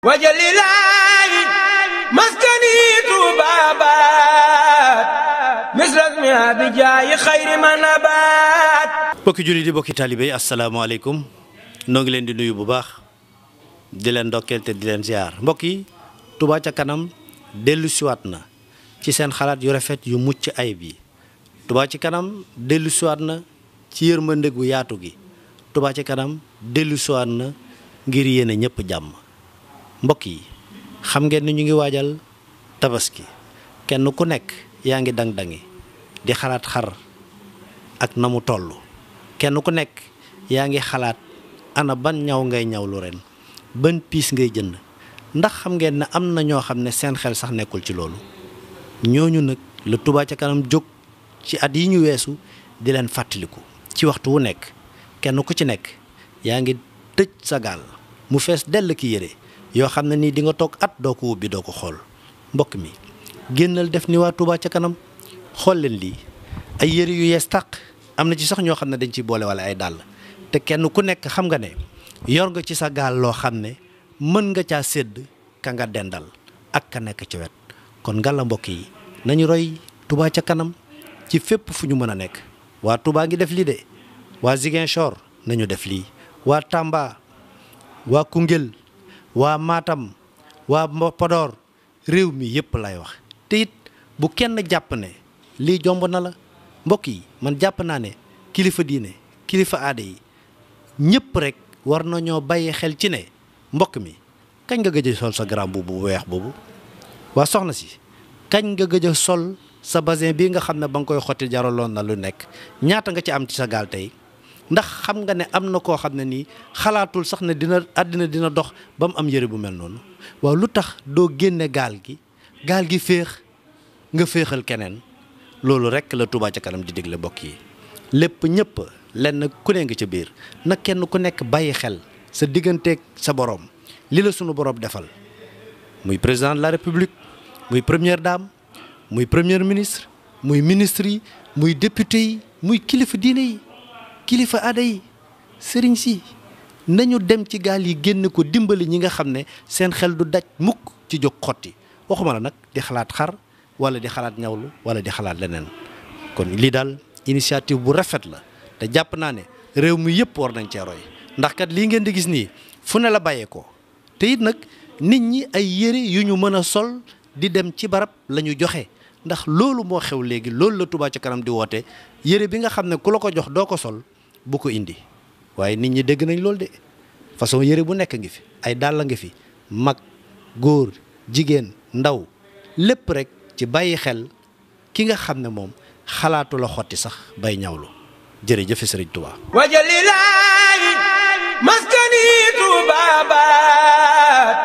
wajalilaayi maskani Tuubaa baat misras mi abijaayi xayri man abaat bokki jullit bokki taalibe yi asalaamaaleykum noo ngi leen di nuyu bu baax di leen ndokkeel te di leen ziar mbokk yi Tuubaa ca kanam dellusiwaat na ci seen xalaat yu rafet yu mucc ayib yi Tuubaa ci kanam dellusiwaat na ci yërmande gu yaatu gi tubaa ci kanam dellusiwaat na ngir yéene ñëpp jàmm mbokk yi xam ngeen ni ñu ngi wajal tabaski kenn ku nekk yaangi dang-dangi di xalaat xar ak namu tollu kenn ku nekk yaangi ngi xalaat ana ban ñaw ngay ñaw lu ren ban pis ngay jënd ndax xam ngeen ne am na ñoo xam ne seen xel sax nekkul ci loolu ñooñu nag le Touba ca kanam jóg ci at yi ñu weesu di leen fàttaliku ci waxtu wu nekk kenn ku ci nekk yaa ngi sa mu fess del ki yere yo xamne ni di nga tok at doo ko wubbi doo ko xool mi gennal def ni wa Touba ca kanam xol len li ay yere yu yes tak amna ci sax ño xamne dañ ci bolé wala ay dal te kenn ku nek xam nga ne yor nga ci sa gal lo xamne meun nga ca sedd ka nga dendal ak ka nek ci wet kon ngalla mbok yi nañu roy Touba ca kanam ci fépp fu ñu mën a nekk waa Touba def li de zigen nañu def li wa Tamba waa Koungheul waa maatam waa Podor réew mi yëpp lay wax te bu kenn jàpp ne lii jomb na la mbokk yi man jàpp naa ne kilifa diine kilifa aada yi ñëpp rek war nañoo bàyyi xel ci ne mbokk mi kañ nga gëj sol sa grand boobu bu weex boobu waa soxna si kañ nga gëj a sol sa basin bii nga xam ne ba nga koy xotti jaraloon na lu nekk ñaata nga ci am ci sa gaal tey ndax xam nga ne am na koo xam ne nii xalaatul sax ne dina àddina dina dox ba mu am yére bu mel noonu waaw lu tax doo génne gaal gi gaal gi féex nga féexal keneen loolu rek la Touba ca kanam di digle bokk yi lépp ñëpp lenn ku ne nga ca biir na kenn ku nekk bàyyi xel sa digganteeg sa borom li la sunu borom defal muy président de la république muy première daam muy premier ministre muy ministre yi muy député yi muy kilifa diine yi. kilifa aada yi sëriñ si nañu dem ci gaal yi génne ko dimbali ñi nga xam ne seen xel du daj mukk ci jóg xotti waxuma la nag di xalaat xar wala di xalaat ñawlu wala di xalaat leneen kon lii daal initiative bu rafet la te jàpp naa ne réew mi yëpp war nañ cee roy ndax kat lii ngeen di gis nii fu ne la bàyyeekoo te it nag nit ñi ay yére yu ñu mën a sol di dem ci barab la ñu joxe ndax loolu moo xew léegi loolu la Touba ci kanam di woote yére bi nga xam ne ku la ko jox doo ko sol bu ko indi waaye nit ñi dégg nañ loolu de façon yëre bu nekk ngi fi ay dàll ngi fi mag góor jigéen ndaw lépp rekk ci bàyyi xel ki nga xam ne moom xalaatu xotti sax bay ñawlu jërëjëf sëriñ Touba wajalilaayi maskani Touba baat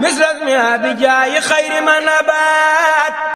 misras mi abijaayi xayri ma nabaat